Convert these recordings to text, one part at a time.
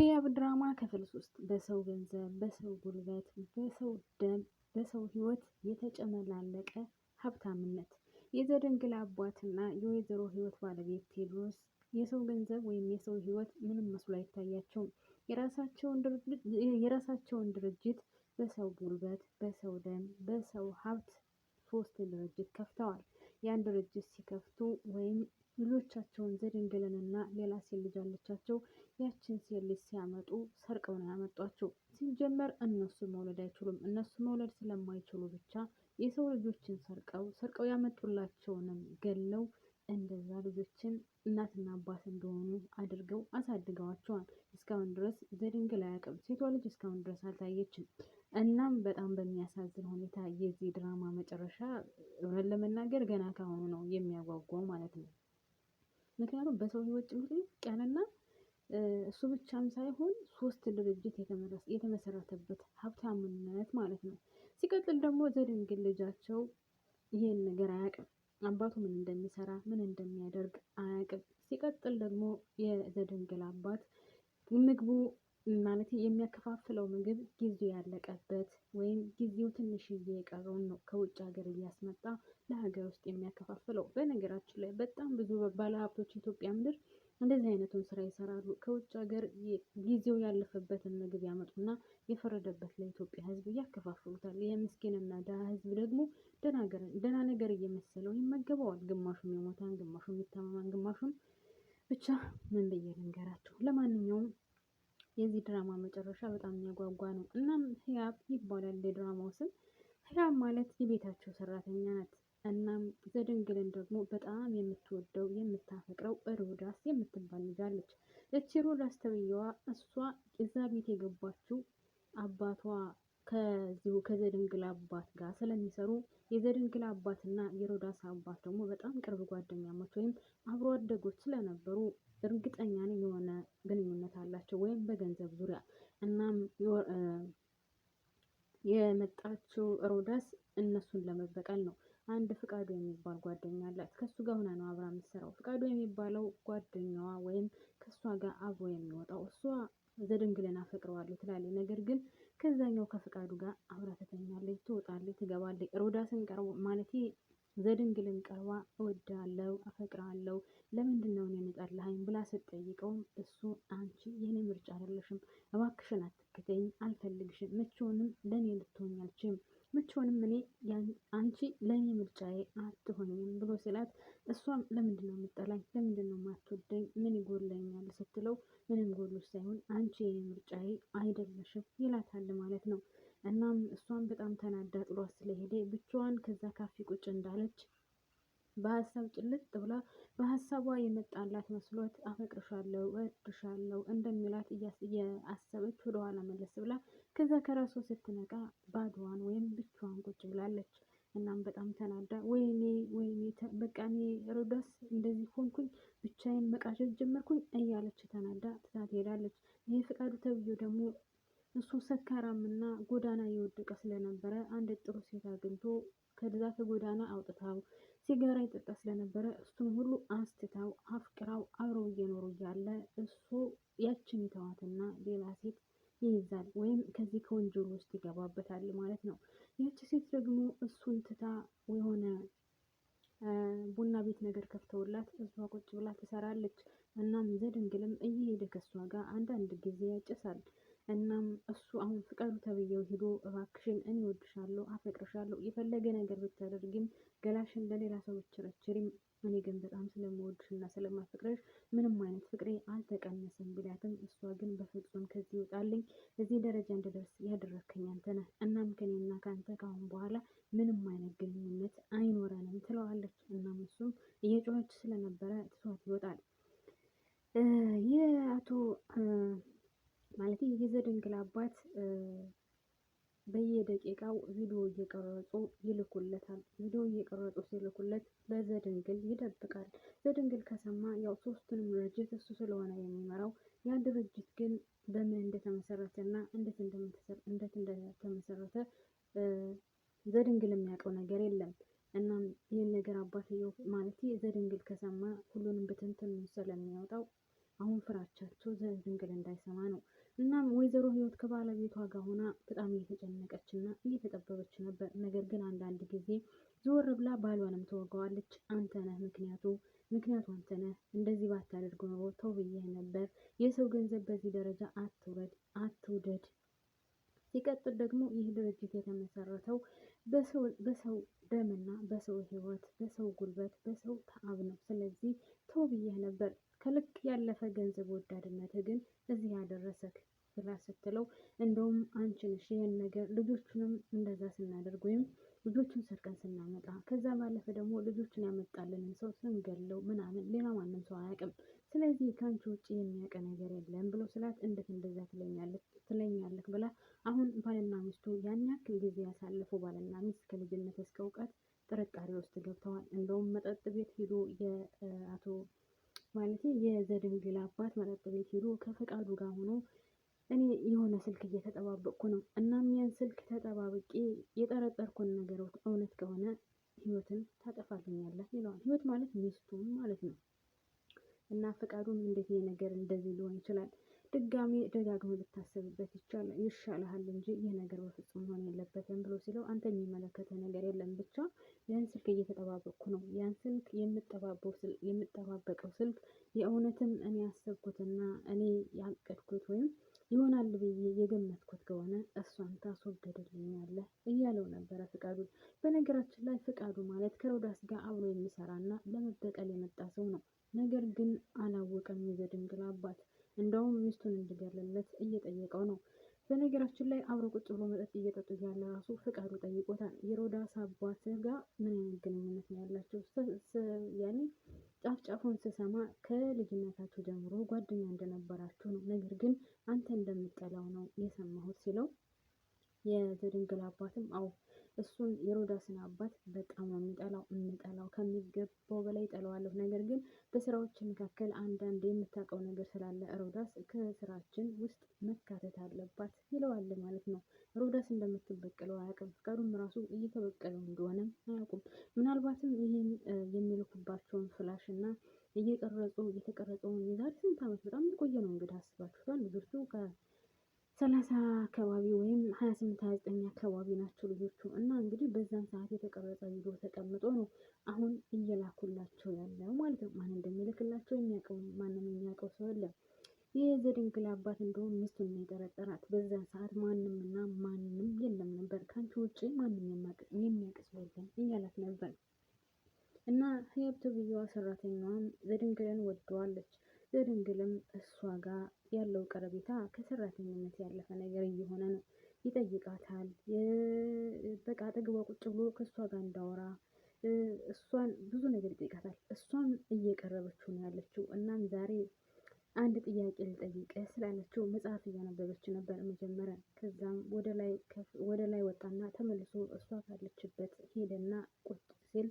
ህያብ ድራማ ክፍል ሶስት በሰው ገንዘብ፣ በሰው ጉልበት፣ በሰው ደም፣ በሰው ህይወት የተጨመላለቀ ሀብታምነት የዘደንግል አባትና የወይዘሮ ህይወት ባለቤት ቴድሮስ የሰው ገንዘብ ወይም የሰው ህይወት ምንም መስሎ አይታያቸውም። የራሳቸውን ድርጅት በሰው ጉልበት፣ በሰው ደም፣ በሰው ሀብት ሶስት ድርጅት ከፍተዋል። ያን ድርጅት ሲከፍቱ ወይም ልጆቻቸውን ዘድንግልንና ሌላ ሴት ልጅ አለቻቸው ያችን ሴት ልጅ ሲያመጡ ሰርቀው ነው ያመጧቸው። ሲጀመር እነሱ መውለድ አይችሉም። እነሱ መውለድ ስለማይችሉ ብቻ የሰው ልጆችን ሰርቀው ሰርቀው ያመጡላቸውንም ገለው እንደዛ ልጆችን እናትና አባት እንደሆኑ አድርገው አሳድገዋቸዋል። እስካሁን ድረስ ዘድንግል አያውቅም። ሴቷ ልጅ እስካሁን ድረስ አልታየችም። እናም በጣም በሚያሳዝን ሁኔታ የዚህ ድራማ መጨረሻ እውነት ለመናገር ገና ካሁኑ ነው የሚያጓጓው ማለት ነው። ምክንያቱም በሰውየው ጭምልቅ ያለና እሱ ብቻም ሳይሆን ሶስት ድርጅት የተመሰረተበት ሀብታምነት ማለት ነው። ሲቀጥል ደግሞ ዘድንግል ልጃቸው ይህን ነገር አያውቅም። አባቱ ምን እንደሚሰራ ምን እንደሚያደርግ አያውቅም። ሲቀጥል ደግሞ የዘድንግል አባት ምግቡ ማለት የሚያከፋፍለው ምግብ ጊዜው ያለቀበት ወይም ጊዜው ትንሽዬ የቀረውን ነው ከውጭ ሀገር እያስመጣ ለሀገር ውስጥ የሚያከፋፍለው። በነገራችን ላይ በጣም ብዙ ባለሀብቶች ኢትዮጵያ ምድር እንደዚህ አይነቱን ስራ ይሰራሉ። ከውጭ ሀገር ጊዜው ያለፈበትን ምግብ ያመጡና የፈረደበት ለኢትዮጵያ ሕዝብ ይህ ምስኪንና ደሃ ሕዝብ ደግሞ ደህና ነገር እየመሰለው ይመገበዋል። ግማሹም የሞታን፣ ግማሹም ይታመማን፣ ግማሹም ብቻ ምን ብዬ ልንገራችሁ። ለማንኛውም የዚህ ድራማ መጨረሻ በጣም የሚያጓጓ ነው። እናም ህያብ ይባላል የድራማው ስም። ህያብ ማለት የቤታቸው ሰራተኛ ናት። እናም ዘድንግልን ደግሞ በጣም የምትወደው የምታፈቅረው ሮዳስ የምትባል ልጅ አለች። እቺ ሮዳስ ተብዬዋ እሷ እዛ ቤት የገባችው አባቷ ከዚሁ ከዘድንግል አባት ጋር ስለሚሰሩ የዘድንግል አባትና የሮዳስ አባት ደግሞ በጣም ቅርብ ጓደኛሞች ወይም አብሮ አደጎች ስለነበሩ እርግጠኛ የሆነ ግን ናቸው ወይም በገንዘብ ዙሪያ። እናም የመጣችው ሮዳስ እነሱን ለመበቀል ነው። አንድ ፍቃዱ የሚባል ጓደኛ አላት። ከሱ ጋር ሆና ነው አብራ የምትሰራው። ፍቃዱ የሚባለው ጓደኛዋ ወይም ከእሷ ጋር አብሮ የሚወጣው እሷ ዘድንግልና ፈቅረዋለሁ ትላለች። ነገር ግን ከዛኛው ከፍቃዱ ጋር አብራ ትተኛለች፣ ትወጣለች፣ ትገባለች። ሮዳስን ቀርቦ ማለት ዘድንግልን ቀርባ እወዳለው፣ አፈቅራለው ለምንድን ነው እኔን የጠላኸኝ ብላ ስትጠይቀውም እሱ አንቺ የኔ ምርጫ አይደለሽም፣ እባክሽን አትክተኝ፣ አልፈልግሽም፣ ምቾንም ለእኔ ልትሆኛልችም መቼውንም እኔ አንቺ ለእኔ ምርጫዬ አትሆኝም ብሎ ሲላት እሷም ለምንድን ነው የምጠላኝ? ለምንድን ነው ማትወደኝ? ምን ይጎለኛል? ስትለው ምንም ጎል ሳይሆን አንቺ የኔ ምርጫዬ አይደለሽም ይላታል ማለት ነው። እናም እሷም በጣም ተናዳ ጥሏት ስለሄደ ብቻዋን ከዛ ካፌ ቁጭ እንዳለች በሀሳብ ጭልጥ ብላ በሀሳቧ የመጣላት መስሎት አፈቅርሻለሁ እወድሻለሁ እንደሚላት እያሰበች ወደኋላ መለስ ብላ ከዛ ከራሷ ስትነቃ ባዷን ወይም ብቻዋን ቁጭ ብላለች። እናም በጣም ተናዳ ወይኔ ወይኔ በቃ እኔ ሮዳስ እንደዚህ ሆንኩኝ ብቻዬን መቃሸት ጀመርኩኝ እያለች ተናዳ ትታት ሄዳለች። ይህ ፍቃዱ ተብዬው ደግሞ እሱ ሰካራምና ጎዳና የወደቀ ስለነበረ አንድ ጥሩ ሴት አግኝቶ ከዛ ከጎዳና አውጥታው ሲጋራ ይጠጣ ስለነበረ እሱን ሁሉ አንስትታው አፍቅራው አብረው እየኖሩ እያለ እሱ ያችን ይተዋትና ሌላ ሴት ይይዛል ወይም ከዚህ ከወንጀሉ ውስጥ ይገባበታል ማለት ነው። ይህች ሴት ደግሞ እሱን ትታ የሆነ ቡና ቤት ነገር ከፍተውላት እሷ ቁጭ ብላ ትሰራለች። እናም ዘድንግልም እየሄደ ከሷ ጋር አንዳንድ ጊዜ ያጨሳል። እናም እሱ አሁን ፍቃዱ ተብዬው ሄዶ እባክሽን እኔ እወድሻለሁ፣ አፈቅርሻለሁ የፈለገ ነገር ብታደርጊም ገላሽን ለሌላ ሰው ብትቸረችሪም እኔ ግን በጣም እና ስለማፈቅረሽ ምንም አይነት ፍቅሬ አልተቀነሰም ቢላትም እሷ ግን በፍጹም ከዚህ ይወጣልኝ እዚህ ደረጃ እንድደርስ ያደረግከኝ አንተ ነህ። እናም ከኔና ከአንተ ከአሁን በኋላ ምንም አይነት ግንኙነት አይኖረንም ትለዋለች። እናም እሱም እየጮኸች ስለነበረ ትቷት ይወጣል። ይህ አቶ ማለት የዘደንግል አባት በየደቂቃው ቪዲዮ እየቀረጹ ይልኩለታል። ቪዲዮ እየቀረጹ ሲልኩለት በዘድንግል ይደብቃል። ዘደንግል ከሰማ ያው ሶስቱንም ድርጅት እሱ ስለሆነ የሚመራው ያ ድርጅት ግን በምን እንደተመሰረተ እና እንዴት እንደተመሰረተ ዘድንግል የሚያውቀው ነገር የለም። እናም ይህን ነገር አባትየው ማለት ዘድንግል ከሰማ ሁሉንም ብትንትን ስለሚያወጣው አሁን ፍራቻቸው ዘድንግል እንዳይሰማ ነው። እናም ወይዘሮ ህይወት ከባለቤቷ ጋር ሆና በጣም እየተጨነቀች እና እየተጠበበች ነበር። ነገር ግን አንዳንድ ጊዜ ዞር ብላ ባሏንም ተወጋዋለች። አንተ ነህ ምክንያቱ ምክንያቱ አንተ ነህ፣ እንደዚህ ባታደርግ ኖሮ ተው ብዬህ ነበር። የሰው ገንዘብ በዚህ ደረጃ አትውረድ አትውደድ። ሲቀጥል ደግሞ ይህ ድርጅት የተመሰረተው በሰው ደምና በሰው ህይወት፣ በሰው ጉልበት፣ በሰው ተአብ ነው። ስለዚህ ተው ብዬህ ነበር ከልክ ያለፈ ገንዘብ ወዳድነት ግን እዚህ ያደረሰክ ብላ ስትለው እንደውም አንቺ ነሽ ይህን ነገር ልጆቹንም እንደዛ ስናደርግ ወይም ልጆቹን ሰርቀን ስናመጣ ከዛ ባለፈ ደግሞ ልጆቹን ያመጣልንን ሰው ስንገለው ምናምን ሌላ ማንም ሰው አያውቅም። ስለዚህ ከአንቺ ውጭ የሚያውቅ ነገር የለም ብሎ ስላት እንዴት እንደዛ ትለኛለህ ብላ አሁን ባልና ሚስቱ ያን ያክል ጊዜ ያሳለፉ ባልና ሚስት ከልጅነት እስከ እውቀት ጥርጣሬ ውስጥ ገብተዋል። እንደውም መጠጥ ቤት ሄዶ የአቶ ማለት የዘድንግል አባት መጠጥ ቤት ሄዶ ከፈቃዱ ጋር ሆኖ እኔ የሆነ ስልክ እየተጠባበቅኩ ነው። እናም ያን ስልክ ተጠባብቄ የጠረጠርኩን ነገር እውነት ከሆነ ህይወትን ታጠፋልኛለህ ይለዋል። ህይወት ማለት ሚስቱን ማለት ነው። እና ፈቃዱም እንዴት ይሄ ነገር እንደዚህ ሊሆን ይችላል ድጋሚ ደጋግሞ ብታሰብበት ይቻላል ይሻልሃል እንጂ ይህ ነገር በፍጹም መሆን የለበትም ብሎ ሲለው አንተ የሚመለከተ ነገር የለም ብቻ ያን ስልክ እየተጠባበቅኩ ነው። ያን ስልክ የምጠባበቀው ስልክ የእውነትም እኔ ያሰብኩትና እኔ ያቀድኩት ወይም ይሆናል ብዬ የገመትኩት ከሆነ እሷን ታስወገድልኛለህ እያለው ነበረ ፍቃዱ። በነገራችን ላይ ፍቃዱ ማለት ከሮዳስ ጋር አብሮ የሚሰራና ለመበቀል የመጣ ሰው ነው። ነገር ግን አላወቀም የዘድንግል አባት እንደውም ሚስቱን እንድገለለት እየጠየቀው ነው። በነገራችን ላይ አብሮ ቁጭ ብሎ መጠጥ እየጠጡ እያለ ራሱ ፍቃዱ ጠይቆታል። የሮዳስ አባት ጋር ምን አይነት ግንኙነት ነው ያላቸው? ያኔ ጫፍጫፉን ስሰማ ከልጅነታችሁ ጀምሮ ጓደኛ እንደነበራችሁ ነው፣ ነገር ግን አንተ እንደምጠላው ነው የሰማሁት ሲለው የዘድንግል አባትም አዎ እሱን የሮዳስን አባት በጣም ነው የሚጠላው። የምጠላው ከሚገባው በላይ ጠለዋለሁ። ነገር ግን በስራዎች መካከል አንዳንድ የምታውቀው ነገር ስላለ ሮዳስ ከስራችን ውስጥ መካተት አለባት ይለዋል ማለት ነው። ሮዳስ እንደምትበቀለው አያውቅም። ፍቃዱም ራሱ እየተበቀለው እንደሆነ አያውቁም። ምናልባትም ይህን የሚልኩባቸውን ፍላሽ እና እየቀረጹ እየተቀረጸውን ይዛል። ስንት ዓመት በጣም የቆየ ነው እንግዲህ አስባችሁታል። ልጆቹ ሰላሳ አካባቢ ወይም ሀያ ስምንት ሀያ ዘጠኝ አካባቢ ናቸው ልጆቹ እና እንግዲህ በዛን ሰዓት የተቀረጸ ቪዲዮ ተቀምጦ ነው አሁን እየላኩላቸው ያለው ማለት ነው። ማን እንደሚልክላቸው የሚያውቀው ማንም የሚያውቀው ሰው የለም። ይህ ዘድንግል አባት እንደውም ሚስቱን የጠረጠራት። በዛን ሰዓት ማንም እና ማንም የለም ነበር ከአንቺ ውጭ ማንም የሚያውቅ ሰው የለም እያላት ነበር እና ህያብ ሰራተኛዋን ዘድንግልን ወደዋለች። በድንግልም እሷ ጋር ያለው ቀረቤታ ከሰራተኝነት ያለፈ ነገር እየሆነ ነው። ይጠይቃታል። በቃ አጠገቧ ቁጭ ብሎ ከእሷ ጋር እንዳወራ እሷን ብዙ ነገር ይጠይቃታል። እሷም እየቀረበችው ነው ያለችው። እናም ዛሬ አንድ ጥያቄ ልጠይቅ ስላለችው መጽሐፍ እያነበበች ነበር መጀመሪያ። ከዛም ወደ ላይ ወጣና ተመልሶ እሷ ካለችበት ሄደና ቁጭ ሲል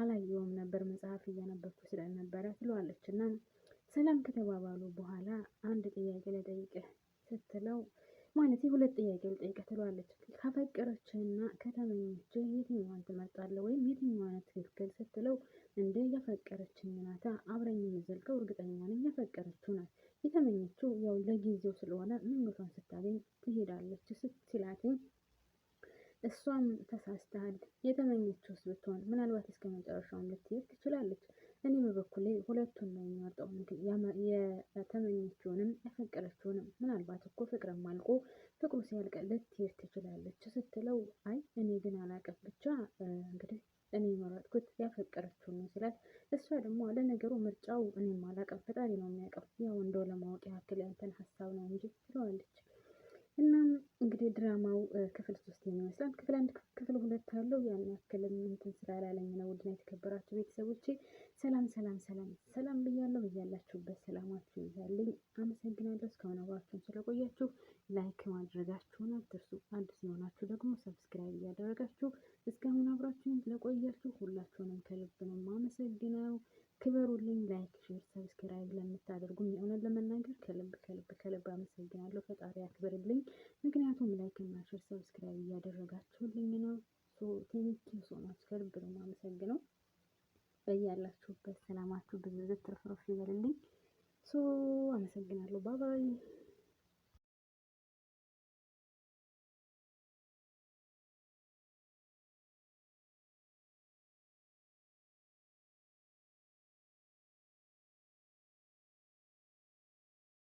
አላየውም ነበር መጽሐፍ እያነበብኩ ስለነበረ ትለዋለች እና ሰላም ከተባባሉ በኋላ አንድ ጥያቄ ልጠይቅህ ስትለው ማለት ሁለት ጥያቄ ልጠይቅህ ትለዋለች። ከፈቀረችህና ከተመኘችህ የትኛዋን ትመርጣለህ ወይም የትኛዋን ትክክል ስትለው እንደ የፈቀረችኝ ናታ አብረኝ የምዘልቀው እርግጠኛ ነኝ የፈቀረችው ናት። የተመኘችው ያው ለጊዜው ስለሆነ ምኞቷን ስታገኝ ትሄዳለች ስትላትኝ እሷም ተሳስተሃል የተመኘችው ስትሆን ምናልባት እስከ መጨረሻውን ልትሄድ ትችላለች። እኔ በበኩሌ ሁለቱን ነው የምመርጠው። የተመኘችውንም ያፈቀረችውንም ምናልባት እኮ ፍቅርም አልቆ ፍቅሩ ሲያልቅ ልትሄድ ትችላለች ስትለው አይ እኔ ግን አላቅም ብቻ እንግዲህ እኔ የመረጥኩት ያፈቀረችውን ነው ሲላት፣ እሷ ደግሞ ለነገሩ ምርጫው እኔም አላቅም ፈጣሪ ነው የሚያውቀው ያው እንደው ለማወቅ ያክል ያንተን ሀሳብ ነው እንጂ ትለዋለች። እንግዲህ ድራማው ክፍል ሶስት ይመስላል። ክፍል አንድ፣ ክፍል ሁለት አለው። ያን ያክል እንትን ስላላለኝ ነው። ውድና የተከበራችሁ ቤተሰቦቼ ሰላም፣ ሰላም፣ ሰላም፣ ሰላም ብያለሁ። እያላችሁበት ሰላማችሁ ይዛልኝ። አመሰግናለሁ እስካሁን አብራችሁን ስለቆያችሁ። ላይክ ማድረጋችሁን አትርሱ። አዲስ የሆናችሁ ደግሞ ሰብስክራይብ እያደረጋችሁ እስከ ሰላማችሁ ብዝብዝት ትርፍርፍ ይበልልኝ። ሶ አመሰግናለሁ። ባባይ